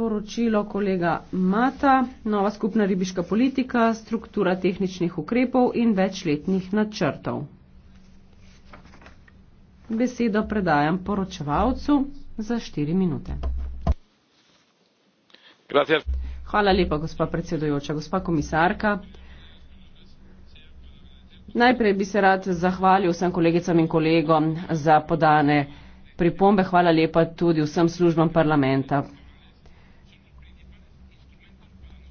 poročilo kolega Mata, nova skupna ribiška politika, struktura tehničnih ukrepov in večletnih načrtov. Besedo predajam poročevalcu za 4 minute. Gracias. Hvala lepa, gospa predsedojoča, gospa komisarka. Najprej bi se rad zahvalil vsem kolegicam in kolegom za podane pripombe. Hvala lepa tudi vsem službam parlamenta.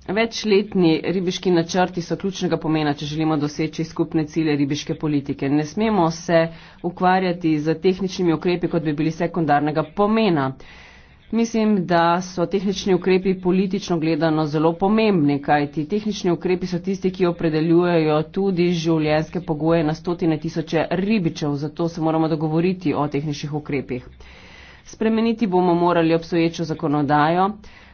Večletni ribiški načrti so ključnega pomena, če želimo doseči skupne cilje ribiške politike. Ne smemo se ukvarjati z tehničnimi ukrepi, kot bi bili sekundarnega pomena. Mislim, da so tehnični ukrepi politično gledano zelo pomembni, kajti tehnični ukrepi so tisti, ki opredeljujejo tudi življenjske pogoje na stotine tisoče ribičev, zato se moramo dogovoriti o tehničnih ukrepih. Spremeniti bomo morali obstoječo zakonodajo.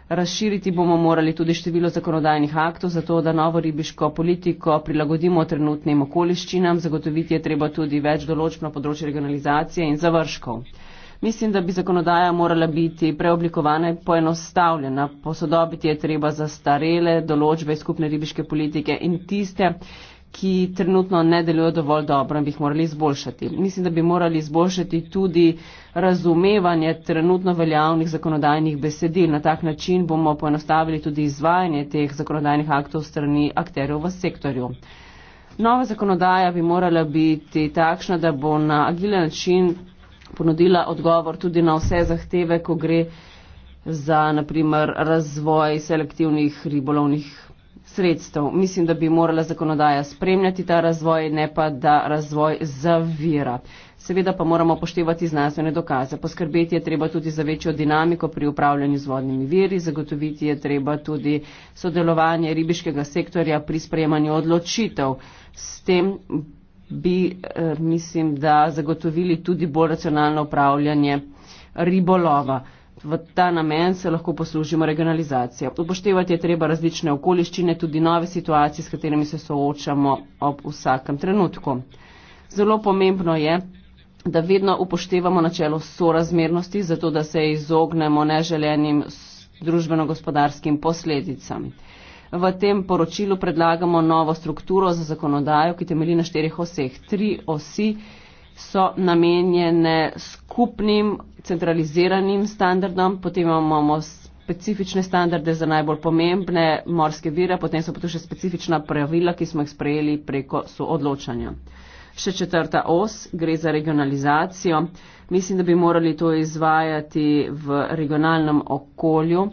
Razširiti bomo morali tudi število zakonodajnih aktov, zato da novo ribiško politiko prilagodimo trenutnim okoliščinam, zagotoviti je treba tudi več določb na področju regionalizacije in završkov. Mislim, da bi zakonodaja morala biti preoblikovana in poenostavljena. Posodobiti je treba zastarele določbe skupne ribiške politike in tiste, ki trenutno ne delujejo dovolj dobro in bi jih morali izboljšati. Mislim, da bi morali izboljšati tudi razumevanje trenutno veljavnih zakonodajnih besedil. Na tak način bomo poenostavili tudi izvajanje teh zakonodajnih aktov strani akterjev v sektorju. Nova zakonodaja bi morala biti takšna, da bo na agilen način ponudila odgovor tudi na vse zahteve, ko gre za naprimer razvoj selektivnih ribolovnih sredstev. Mislim, da bi morala zakonodaja spremljati ta razvoj, ne pa da razvoj zavira. Seveda pa moramo poštevati znanstvene dokaze. Poskrbeti je treba tudi za večjo dinamiko pri upravljanju z vodnimi viri, zagotoviti je treba tudi sodelovanje ribiškega sektorja pri sprejemanju odločitev. S tem bi, eh, mislim, da zagotovili tudi bolj racionalno upravljanje ribolova. V ta namen se lahko poslužimo regionalizacije. Upoštevati je treba različne okoliščine, tudi nove situacije, s katerimi se soočamo ob vsakem trenutku. Zelo pomembno je, da vedno upoštevamo načelo sorazmernosti, zato da se izognemo neželenim družbeno-gospodarskim posledicam. V tem poročilu predlagamo novo strukturo za zakonodajo, ki temelji na štirih oseh. Tri osi so namenjene skupnim centraliziranim standardom, potem imamo specifične standarde za najbolj pomembne morske vire, potem so pa tu še specifična pravila, ki smo jih sprejeli preko soodločanja. Še četrta os gre za regionalizacijo. Mislim, da bi morali to izvajati v regionalnem okolju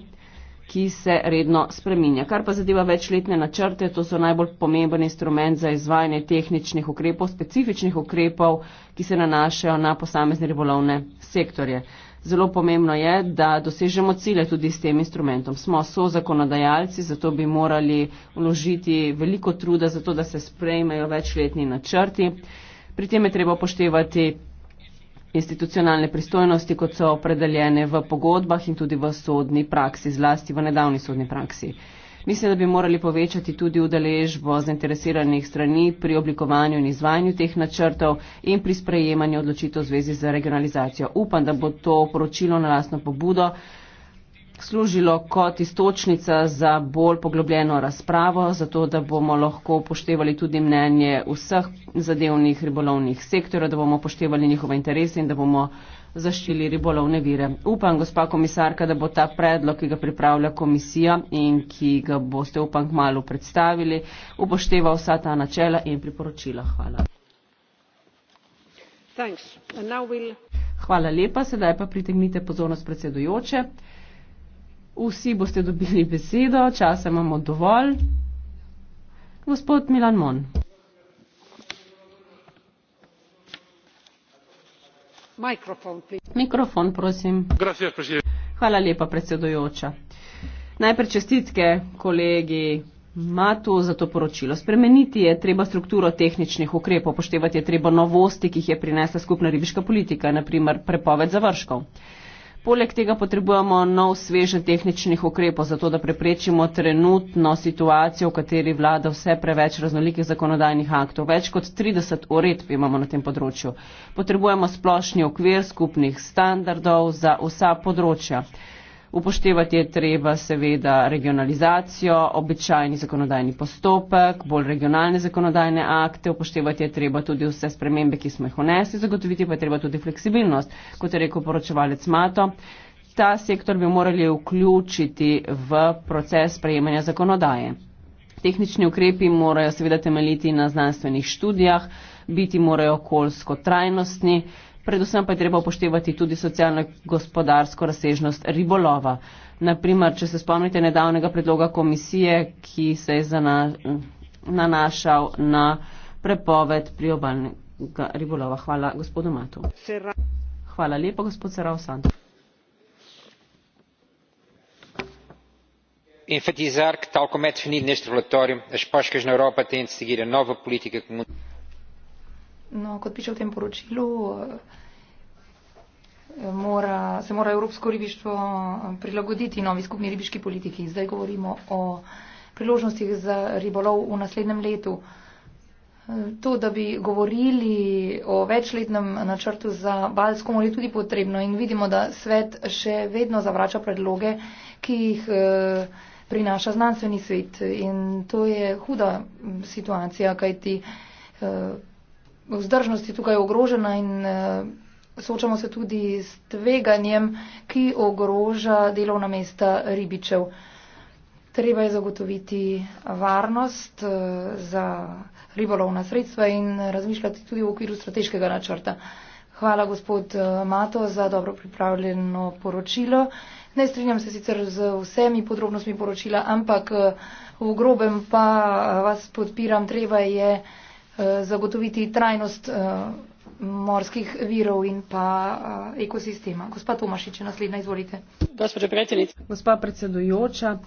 ki se redno spreminja. Kar pa zadeva večletne načrte, to so najbolj pomemben instrument za izvajanje tehničnih ukrepov, specifičnih ukrepov, ki se nanašajo na posamezne ribolovne sektorje. Zelo pomembno je, da dosežemo cilje tudi s tem instrumentom. Smo so zakonodajalci, zato bi morali vložiti veliko truda, zato da se sprejmejo večletni načrti. Pri tem je treba poštevati institucionalne pristojnosti, kot so opredeljene v pogodbah in tudi v sodni praksi, zlasti v nedavni sodni praksi. Mislim, da bi morali povečati tudi udeležbo zainteresiranih strani pri oblikovanju in izvajanju teh načrtov in pri sprejemanju odločitev v zvezi z regionalizacijo. Upam, da bo to poročilo na lastno pobudo služilo kot istočnica za bolj poglobljeno razpravo, zato da bomo lahko upoštevali tudi mnenje vseh zadevnih ribolovnih sektorov, da bomo upoštevali njihove interese in da bomo zaščili ribolovne vire. Upam, gospa komisarka, da bo ta predlog, ki ga pripravlja komisija in ki ga boste upam kmalo predstavili, upošteval vsa ta načela in priporočila. Hvala. Hvala lepa, sedaj pa pritegnite pozornost predsedujoče. Vsi boste dobili besedo, časa imamo dovolj. Gospod Milan Mon. Mikrofon, prosim. Hvala lepa, predsedojoča. Najprej čestitke kolegi Matu za to poročilo. Spremeniti je treba strukturo tehničnih ukrepov, poštevati je treba novosti, ki jih je prinesla skupna ribiška politika, naprimer prepoved završkov. Poleg tega potrebujemo nov svežen tehničnih ukrepov, zato da preprečimo trenutno situacijo, v kateri vlada vse preveč raznolikih zakonodajnih aktov. Več kot 30 uredb imamo na tem področju. Potrebujemo splošni okvir skupnih standardov za vsa področja. Upoštevati je treba seveda regionalizacijo, običajni zakonodajni postopek, bolj regionalne zakonodajne akte, upoštevati je treba tudi vse spremembe, ki smo jih vnesli, zagotoviti pa je treba tudi fleksibilnost, kot je rekel poročevalec Mato. Ta sektor bi morali vključiti v proces sprejemanja zakonodaje. Tehnični ukrepi morajo seveda temeljiti na znanstvenih študijah, biti morajo okoljsko trajnostni, Predvsem pa je treba upoštevati tudi socialno-gospodarsko razsežnost ribolova. Naprimer, če se spomnite nedavnega predloga komisije, ki se je zana, nanašal na prepoved priobalnega ribolova. Hvala gospodu Matu. Hvala lepo, gospod Serav Sant. Enfatizar, da tako kot med finidnim štrvatorjem, da špaške na Evropa te instigira nova politika komunikacije. No, kot piše v tem poročilu, eh, mora, se mora Evropsko ribištvo eh, prilagoditi novi skupni ribiški politiki. Zdaj govorimo o priložnostih za ribolov v naslednjem letu. Eh, to, da bi govorili o večletnem načrtu za Balsko morje, je tudi potrebno in vidimo, da svet še vedno zavrača predloge, ki jih prinaša znanstveni svet. In to je huda mm, situacija, kajti vzdržnost je tukaj ogrožena in eh, soočamo se tudi s tveganjem, ki ogroža delovna mesta ribičev. Treba je zagotoviti varnost eh, za ribolovna sredstva in razmišljati tudi v okviru strateškega načrta. Hvala gospod eh, Mato za dobro pripravljeno poročilo. Ne strinjam se sicer z vsemi podrobnostmi poročila, ampak v grobem pa vas podpiram. Treba je. Eh, zagotoviti trajnost eh, morskih virov in pa eh, ekosistema. Gospa Tomašič, naslednja izvolite. Gospod predsednica. Gospa predsedujoča,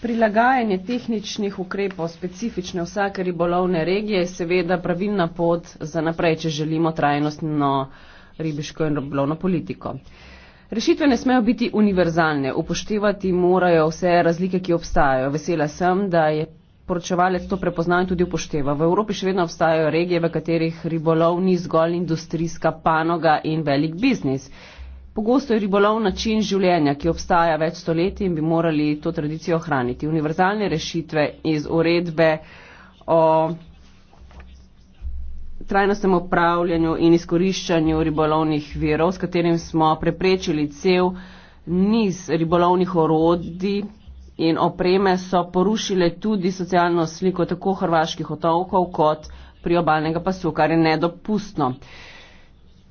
prilagajanje tehničnih ukrepov specifične vsake ribolovne regije je seveda pravilna pot za naprej, če želimo trajnostno ribiško in ribolovno politiko. Rešitve ne smejo biti univerzalne, upoštevati morajo vse razlike, ki obstajajo. Vesela sem, da je poročevalec to prepozna in tudi upošteva. V Evropi še vedno obstajajo regije, v katerih ribolov ni zgolj industrijska panoga in velik biznis. Pogosto je ribolov način življenja, ki obstaja več stoletij in bi morali to tradicijo ohraniti. Univerzalne rešitve iz uredbe o trajnostnem upravljanju in izkoriščanju ribolovnih virov, s katerim smo preprečili cel niz ribolovnih orodij, in opreme so porušile tudi socialno sliko tako hrvaških otokov kot priobalnega pasu, kar je nedopustno.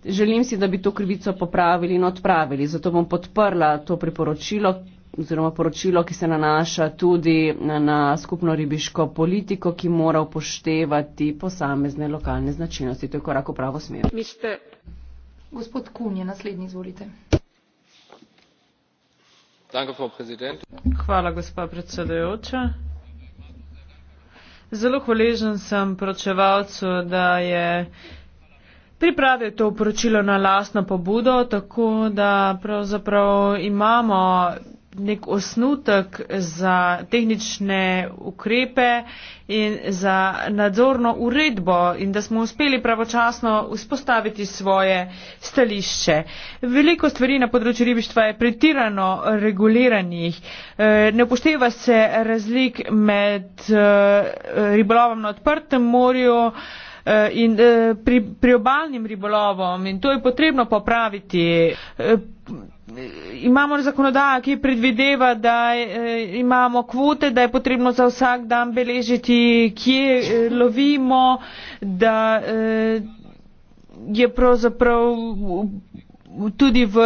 Želim si, da bi to krivico popravili in odpravili, zato bom podprla to priporočilo oziroma poročilo, ki se nanaša tudi na skupno ribiško politiko, ki mora upoštevati posamezne lokalne značilnosti. To je korak v pravo smer. Mister. Gospod Kun je naslednji, izvolite. Zelo hvaležen sem pročevalcu, da je pripravil to poročilo na lastno pobudo, tako da pravzaprav imamo nek osnutek za tehnične ukrepe in za nadzorno uredbo in da smo uspeli pravočasno vzpostaviti svoje stališče. Veliko stvari na področju ribištva je pretirano reguliranih. E, ne upošteva se razlik med e, ribolovom na odprtem morju e, in pri, pri obalnim ribolovom in to je potrebno popraviti imamo zakonodajo, ki predvideva, da eh, imamo kvote, da je potrebno za vsak dan beležiti, kje eh, lovimo, da eh, je pravzaprav tudi v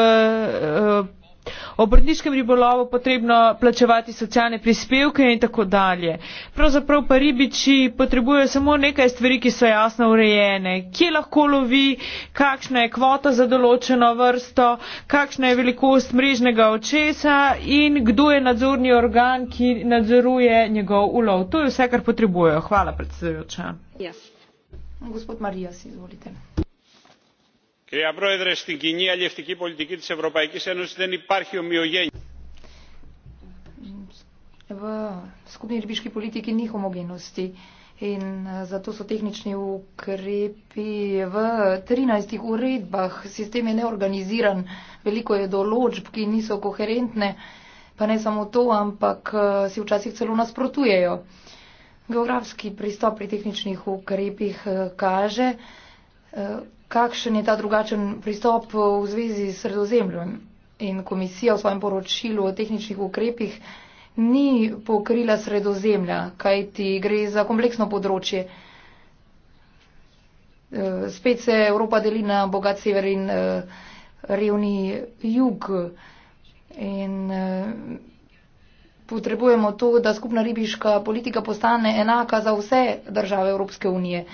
obrtniškem ribolovu potrebno plačevati socialne prispevke in tako dalje. Pravzaprav pa ribiči potrebujejo samo nekaj stvari, ki so jasno urejene. Kje lahko lovi, kakšna je kvota za določeno vrsto, kakšna je velikost mrežnega očesa in kdo je nadzorni organ, ki nadzoruje njegov ulov. To je vse, kar potrebujejo. Hvala predsedujoča. Yes. Gospod Marija, si izvolite κυρία πρόεδρε στην κοινή αλλιευτική πολιτική της Ευρωπαϊκής Ένωσης δεν υπάρχει ομοιογένεια. in eh, zato so tehnični ukrepi v 13 uredbah, sistem je neorganiziran, veliko je določb, ki niso koherentne, pa ne samo to, ampak eh, si včasih celo nasprotujejo. Geografski pristop pri tehničnih ukrepih eh, kaže, kakšen je ta drugačen pristop v zvezi s sredozemljem. In komisija v svojem poročilu o tehničnih ukrepih ni pokrila sredozemlja, kajti gre za kompleksno področje. E, spet se Evropa deli na bogat sever in e, revni jug. In e, potrebujemo to, da skupna ribiška politika postane enaka za vse države Evropske unije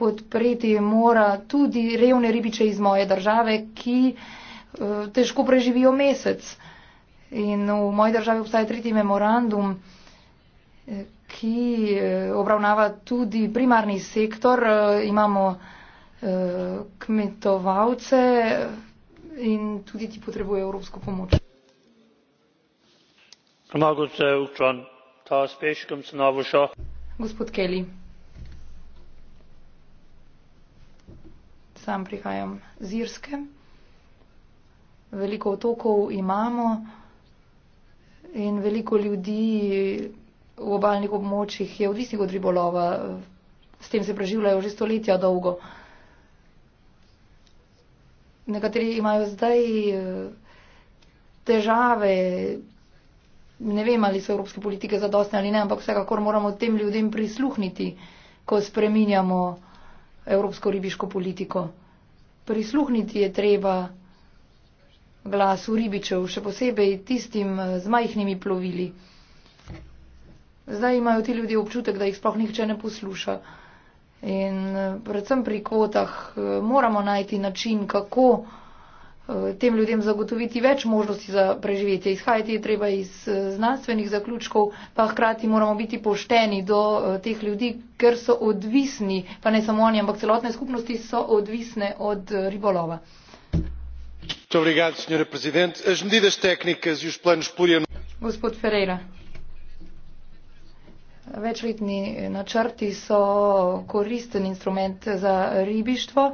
podpreti mora tudi revne ribiče iz moje države, ki eh, težko preživijo mesec. In v moji državi obstaja tretji memorandum, eh, ki eh, obravnava tudi primarni sektor. Imamo kmetovalce in tudi ti potrebujejo evropsko pomoč. Gospod Kelly. sam prihajam z Irske. Veliko otokov imamo in veliko ljudi v obalnih območjih je odvisnih od ribolova. S tem se preživljajo že stoletja dolgo. Nekateri imajo zdaj eh, težave, ne vem, ali so evropske politike zadostne ali ne, ampak vsekakor moramo tem ljudem prisluhniti, ko spreminjamo evropsko ribiško politiko prisluhniti je treba glasu ribičev, še posebej tistim z majhnimi plovili. Zdaj imajo ti ljudje občutek, da jih sploh nihče ne posluša. In eh, predvsem pri kvotah eh, moramo najti način, kako. Eh, tem ljudem zagotoviti več možnosti za preživetje. Izhajati je treba iz eh, znanstvenih zaključkov, pa hkrati moramo biti pošteni do eh, teh ljudi, ker so odvisni, pa ne samo oni, ampak celotne skupnosti so odvisne od ribolova. E Gospod Ferreira, večletni načrti so koristen instrument za ribištvo.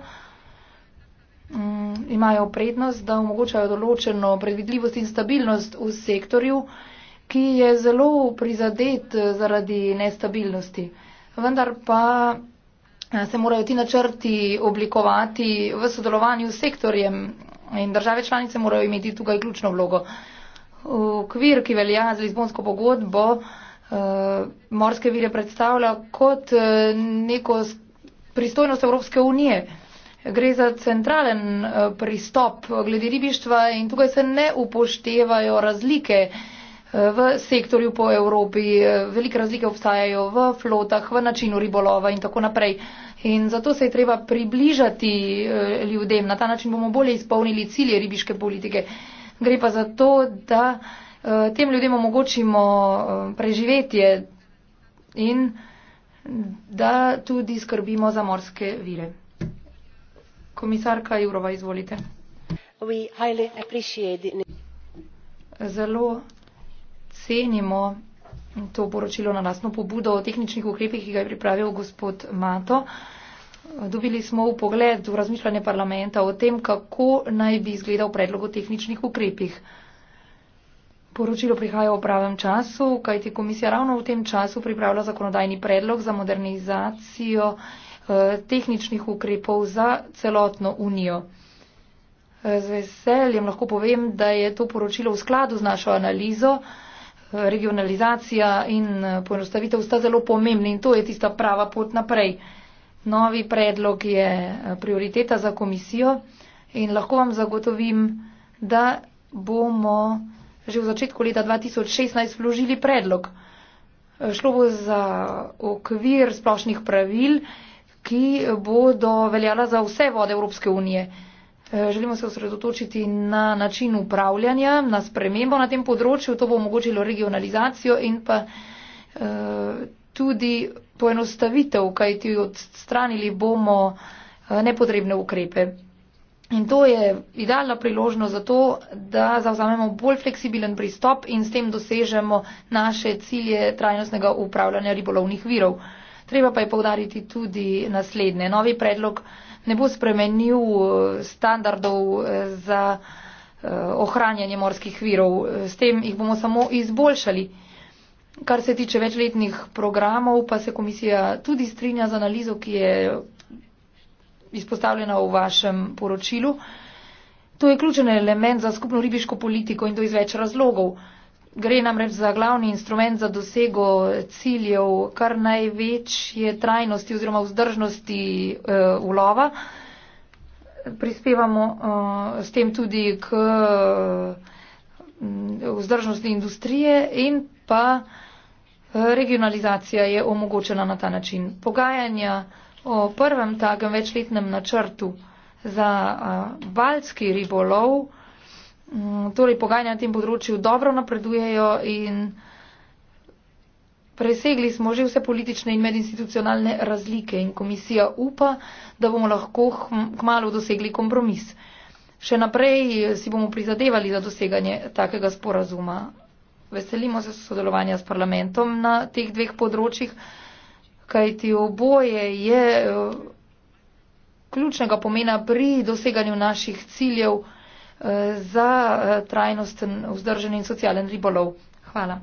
Mm, imajo prednost, da omogočajo določeno predvidljivost in stabilnost v sektorju, ki je zelo prizadet eh, zaradi nestabilnosti. Vendar pa eh, se morajo ti načrti oblikovati v sodelovanju s sektorjem in države članice morajo imeti tukaj ključno vlogo. Okvir, ki velja za Lizbonsko pogodbo, eh, morske vire predstavlja kot neko pristojnost Evropske unije gre za centralen eh, pristop glede ribištva in tukaj se ne upoštevajo razlike eh, v sektorju po Evropi. Eh, velike razlike obstajajo v flotah, v načinu ribolova in tako naprej. In zato se je treba približati ljudem. Na ta način bomo bolje izpolnili cilje ribiške politike. Gre pa za to, da tem ljudem omogočimo preživetje in da tudi skrbimo za morske vire komisarka jurova izvolite zelo cenimo to poročilo na lastno pobudo o tehničnih ukrepih ki ga je pripravil gospod mato dobili smo v pogled v razmišljanje parlamenta o tem kako naj bi izgledal predlog o tehničnih ukrepih Poročilo prihaja v pravem času, kajti komisija ravno v tem času pripravlja zakonodajni predlog za modernizacijo Eh, tehničnih ukrepov za celotno unijo. Eh, z veseljem lahko povem, da je to poročilo v skladu z našo analizo. Eh, regionalizacija in poenostavitev sta zelo pomembni in to je tista prava pot naprej. Novi predlog je prioriteta za komisijo in lahko vam zagotovim, da bomo že v začetku leta 2016 vložili predlog. Šlo bo za okvir splošnih pravil ki bodo veljala za vse vode Evropske unije. Eh, želimo se osredotočiti na način upravljanja, na spremembo na tem področju, to bo omogočilo regionalizacijo in pa eh, tudi poenostavitev, kaj ti odstranili bomo eh, nepotrebne ukrepe. In to je idealna priložnost za to, da zauzamemo bolj fleksibilen pristop in s tem dosežemo naše cilje trajnostnega upravljanja ribolovnih virov. Treba pa je povdariti tudi naslednje. Novi predlog ne bo spremenil eh, standardov eh, za eh, ohranjanje morskih virov. S tem jih bomo samo izboljšali. Kar se tiče večletnih programov, pa se komisija tudi strinja z analizo, ki je izpostavljena v vašem poročilu. To je ključen element za skupno ribiško politiko in to iz več razlogov. Gre namreč za glavni instrument za dosego ciljev, kar največ je trajnosti oziroma vzdržnosti e, ulova. Prispevamo e, s tem tudi k e, vzdržnosti industrije in pa eh, regionalizacija je omogočena na ta način. Pogajanja o prvem takem večletnem načrtu za e, balski ribolov. Mm, torej, pogajanja na tem področju dobro napredujejo in presegli smo že vse politične in medinstitucionalne razlike in komisija upa, da bomo lahko kmalo dosegli kompromis. Še naprej si bomo prizadevali za doseganje takega sporazuma. Veselimo se sodelovanja s parlamentom na teh dveh področjih, kajti oboje je eh, ključnega pomena pri doseganju naših ciljev. Eh, za eh, trajnosten, vzdržen in socialen ribolov. Hvala.